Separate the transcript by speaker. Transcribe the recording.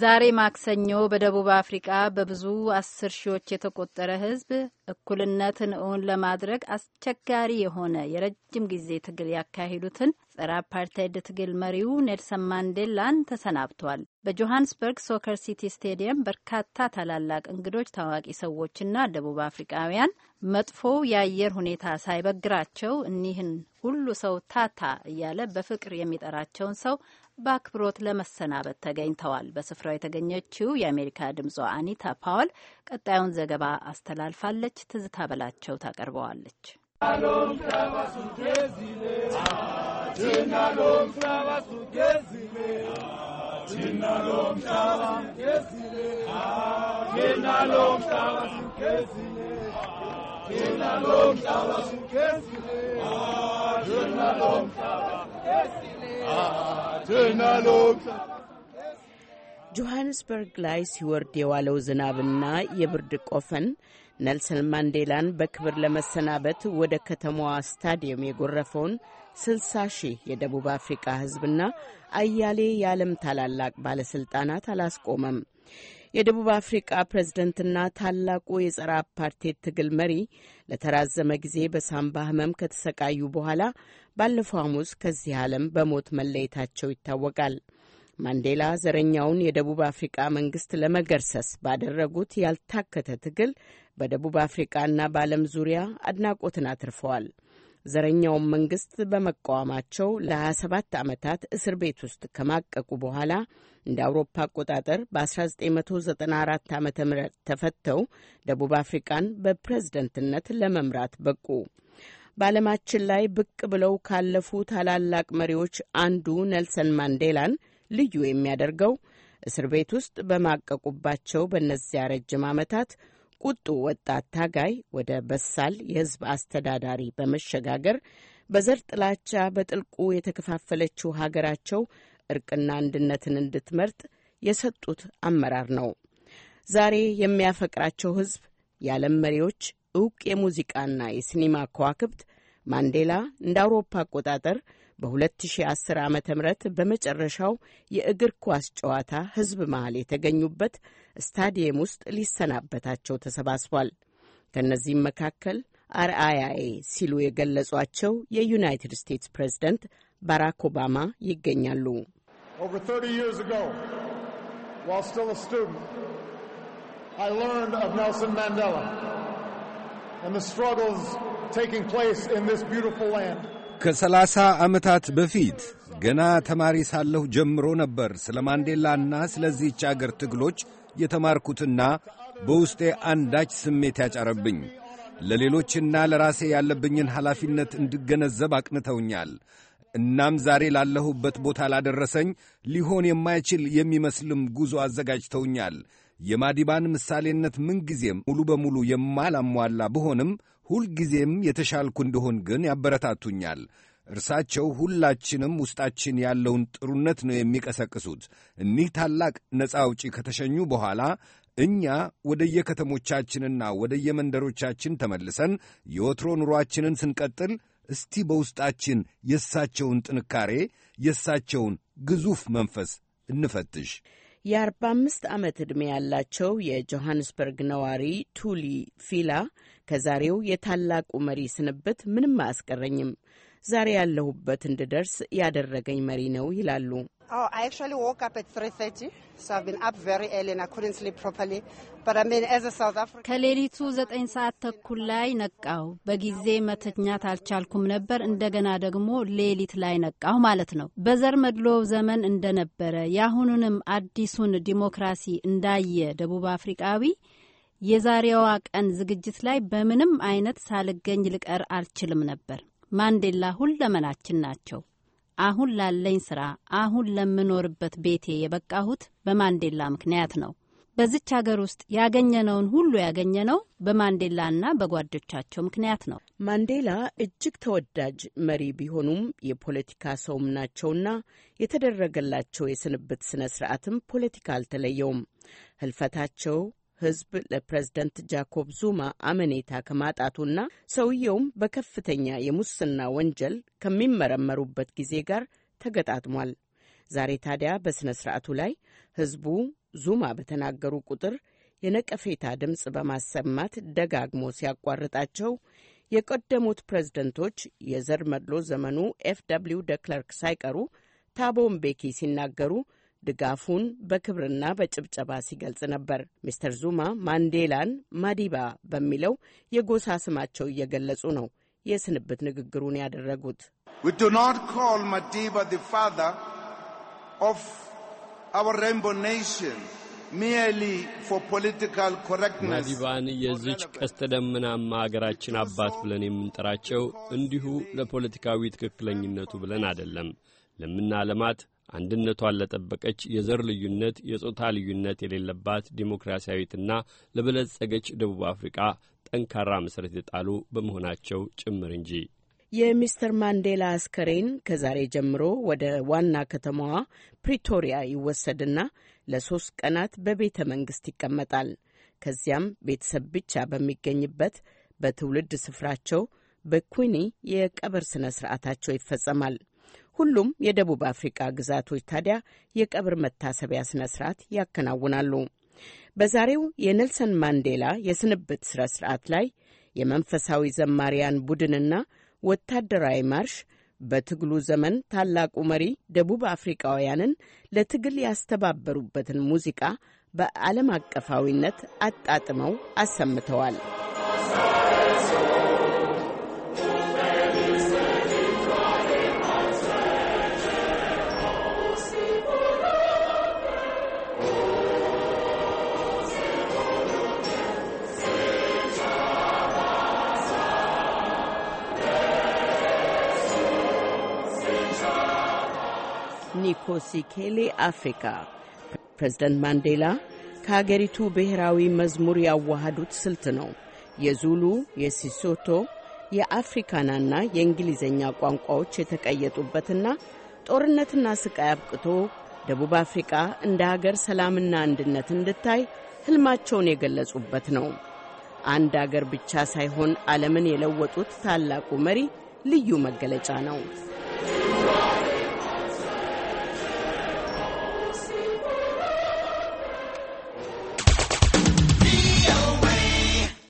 Speaker 1: ዛሬ ማክሰኞ በደቡብ አፍሪቃ በብዙ አስር ሺዎች የተቆጠረ ሕዝብ እኩልነትን እውን ለማድረግ አስቸጋሪ የሆነ የረጅም ጊዜ ትግል ያካሂዱትን የጸረ አፓርታይድ ትግል መሪው ኔልሰን ማንዴላን ተሰናብቷል። በጆሃንስበርግ ሶከር ሲቲ ስቴዲየም በርካታ ታላላቅ እንግዶች፣ ታዋቂ ሰዎችና ደቡብ አፍሪቃውያን መጥፎ የአየር ሁኔታ ሳይበግራቸው እኒህን ሁሉ ሰው ታታ እያለ በፍቅር የሚጠራቸውን ሰው በአክብሮት ለመሰናበት ተገኝተዋል። በስፍራው የተገኘችው የአሜሪካ ድምጿ አኒታ ፓወል ቀጣዩን ዘገባ አስተላልፋለች። ትዝታ በላቸው ታቀርበዋለች። Tinalomhlaba sugezile
Speaker 2: Tinalomhlaba
Speaker 1: sugezile Tinalomhlaba sugezile Tinalomhlaba sugezile Tinalomhlaba sugezile Tinalomhlaba
Speaker 2: ጆሐንስበርግ ላይ ሲወርድ የዋለው ዝናብና የብርድ ቆፈን ኔልሰን ማንዴላን በክብር ለመሰናበት ወደ ከተማዋ ስታዲየም የጎረፈውን 60 ሺህ የደቡብ አፍሪካ ሕዝብና አያሌ የዓለም ታላላቅ ባለሥልጣናት አላስቆመም። የደቡብ አፍሪቃ ፕሬዝደንትና ታላቁ የጸረ አፓርቴድ ትግል መሪ ለተራዘመ ጊዜ በሳምባ ህመም ከተሰቃዩ በኋላ ባለፈው ሐሙስ ከዚህ ዓለም በሞት መለየታቸው ይታወቃል። ማንዴላ ዘረኛውን የደቡብ አፍሪቃ መንግስት ለመገርሰስ ባደረጉት ያልታከተ ትግል በደቡብ አፍሪቃና በዓለም ዙሪያ አድናቆትን አትርፈዋል። ዘረኛውን መንግስት በመቃወማቸው ለ27 ዓመታት እስር ቤት ውስጥ ከማቀቁ በኋላ እንደ አውሮፓ አቆጣጠር በ1994 ዓ ም ተፈተው ደቡብ አፍሪቃን በፕሬዝደንትነት ለመምራት በቁ። በዓለማችን ላይ ብቅ ብለው ካለፉ ታላላቅ መሪዎች አንዱ ኔልሰን ማንዴላን ልዩ የሚያደርገው እስር ቤት ውስጥ በማቀቁባቸው በእነዚያ ረጅም ዓመታት ቁጡ ወጣት ታጋይ ወደ በሳል የህዝብ አስተዳዳሪ በመሸጋገር በዘር ጥላቻ በጥልቁ የተከፋፈለችው ሀገራቸው እርቅና አንድነትን እንድትመርጥ የሰጡት አመራር ነው። ዛሬ የሚያፈቅራቸው ህዝብ የዓለም መሪዎች እውቅ የሙዚቃና የሲኒማ ከዋክብት ማንዴላ እንደ አውሮፓ አቆጣጠር በ2010 ዓ ም በመጨረሻው የእግር ኳስ ጨዋታ ህዝብ መሃል የተገኙበት ስታዲየም ውስጥ ሊሰናበታቸው ተሰባስቧል። ከእነዚህም መካከል አርአያኤ ሲሉ የገለጿቸው የዩናይትድ ስቴትስ ፕሬዝደንት ባራክ ኦባማ ይገኛሉ። መንደላ
Speaker 1: ከሰላሳ ዓመታት በፊት ገና ተማሪ ሳለሁ ጀምሮ ነበር ስለ ማንዴላና ስለዚህች አገር ትግሎች የተማርኩትና በውስጤ አንዳች ስሜት ያጫረብኝ ለሌሎችና ለራሴ ያለብኝን ኃላፊነት እንድገነዘብ አቅንተውኛል። እናም ዛሬ ላለሁበት ቦታ ላደረሰኝ ሊሆን የማይችል የሚመስልም ጉዞ አዘጋጅተውኛል። የማዲባን ምሳሌነት ምንጊዜም ሙሉ በሙሉ የማላሟላ ብሆንም ሁልጊዜም የተሻልኩ እንደሆን ግን ያበረታቱኛል። እርሳቸው ሁላችንም ውስጣችን ያለውን ጥሩነት ነው የሚቀሰቅሱት። እኒህ ታላቅ ነፃ አውጪ ከተሸኙ በኋላ እኛ ወደ ወደየመንደሮቻችን ተመልሰን የወትሮ ኑሯችንን ስንቀጥል እስቲ በውስጣችን የእሳቸውን ጥንካሬ የእሳቸውን ግዙፍ መንፈስ እንፈትሽ።
Speaker 2: የ45 ዓመት ዕድሜ ያላቸው የጆሐንስበርግ ነዋሪ ቱሊ ፊላ ከዛሬው የታላቁ መሪ ስንብት ምንም አያስቀረኝም ዛሬ ያለሁበት እንድደርስ ያደረገኝ መሪ ነው ይላሉ።
Speaker 1: oh, ከሌሊቱ ዘጠኝ ሰዓት ተኩል ላይ ነቃው። በጊዜ መተኛት አልቻልኩም ነበር። እንደገና ደግሞ ሌሊት ላይ ነቃው ማለት ነው። በዘር መድሎ ዘመን እንደነበረ የአሁኑንም አዲሱን ዲሞክራሲ እንዳየ ደቡብ አፍሪቃዊ የዛሬዋ ቀን ዝግጅት ላይ በምንም አይነት ሳልገኝ ልቀር አልችልም ነበር። ማንዴላ ሁለመናችን ናቸው። አሁን ላለኝ ስራ፣ አሁን ለምኖርበት ቤቴ የበቃሁት በማንዴላ ምክንያት ነው። በዚች ሀገር ውስጥ ያገኘነውን ሁሉ ያገኘነው በማንዴላና
Speaker 2: በጓዶቻቸው ምክንያት ነው። ማንዴላ እጅግ ተወዳጅ መሪ ቢሆኑም የፖለቲካ ሰውም ናቸውና የተደረገላቸው የስንብት ስነ ስርዓትም ፖለቲካ አልተለየውም። ህልፈታቸው ህዝብ ለፕሬዝደንት ጃኮብ ዙማ አመኔታ ከማጣቱና ሰውየውም በከፍተኛ የሙስና ወንጀል ከሚመረመሩበት ጊዜ ጋር ተገጣጥሟል። ዛሬ ታዲያ በሥነ ሥርዓቱ ላይ ህዝቡ ዙማ በተናገሩ ቁጥር የነቀፌታ ድምፅ በማሰማት ደጋግሞ ሲያቋርጣቸው የቀደሙት ፕሬዝደንቶች የዘር መድሎ ዘመኑ ኤፍ ደብልዩ ደክለርክ ሳይቀሩ ታቦምቤኪ ሲናገሩ ድጋፉን በክብርና በጭብጨባ ሲገልጽ ነበር። ሚስተር ዙማ ማንዴላን ማዲባ በሚለው የጎሳ ስማቸው እየገለጹ ነው የስንብት ንግግሩን ያደረጉት። ማዲባን የዚች ቀስተ ደመናማ አገራችን አባት ብለን የምንጠራቸው እንዲሁ ለፖለቲካዊ ትክክለኝነቱ ብለን አይደለም፣ ለምና ለማት አንድነቷን ለጠበቀች የዘር ልዩነት፣ የጾታ ልዩነት የሌለባት ዲሞክራሲያዊትና ለበለጸገች ደቡብ አፍሪቃ ጠንካራ መሠረት የጣሉ በመሆናቸው ጭምር እንጂ። የሚስተር ማንዴላ አስከሬን ከዛሬ ጀምሮ ወደ ዋና ከተማዋ ፕሪቶሪያ ይወሰድና ለሶስት ቀናት በቤተ መንግስት ይቀመጣል። ከዚያም ቤተሰብ ብቻ በሚገኝበት በትውልድ ስፍራቸው በኩኒ የቀብር ሥነ ሥርዓታቸው ይፈጸማል። ሁሉም የደቡብ አፍሪካ ግዛቶች ታዲያ የቀብር መታሰቢያ ስነ ስርዓት ያከናውናሉ። በዛሬው የኔልሰን ማንዴላ የስንብት ስነ ስርዓት ላይ የመንፈሳዊ ዘማሪያን ቡድንና ወታደራዊ ማርሽ በትግሉ ዘመን ታላቁ መሪ ደቡብ አፍሪካውያንን ለትግል ያስተባበሩበትን ሙዚቃ በዓለም አቀፋዊነት አጣጥመው አሰምተዋል። ኒኮሲኬሌ አፍሪካ ፕሬዝደንት ማንዴላ ከሀገሪቱ ብሔራዊ መዝሙር ያዋሃዱት ስልት ነው። የዙሉ፣ የሲሶቶ፣ የአፍሪካናና የእንግሊዝኛ ቋንቋዎች የተቀየጡበትና ጦርነትና ስቃይ አብቅቶ ደቡብ አፍሪቃ እንደ ሀገር ሰላምና አንድነት እንድታይ ሕልማቸውን የገለጹበት ነው። አንድ አገር ብቻ ሳይሆን ዓለምን የለወጡት ታላቁ መሪ ልዩ መገለጫ ነው።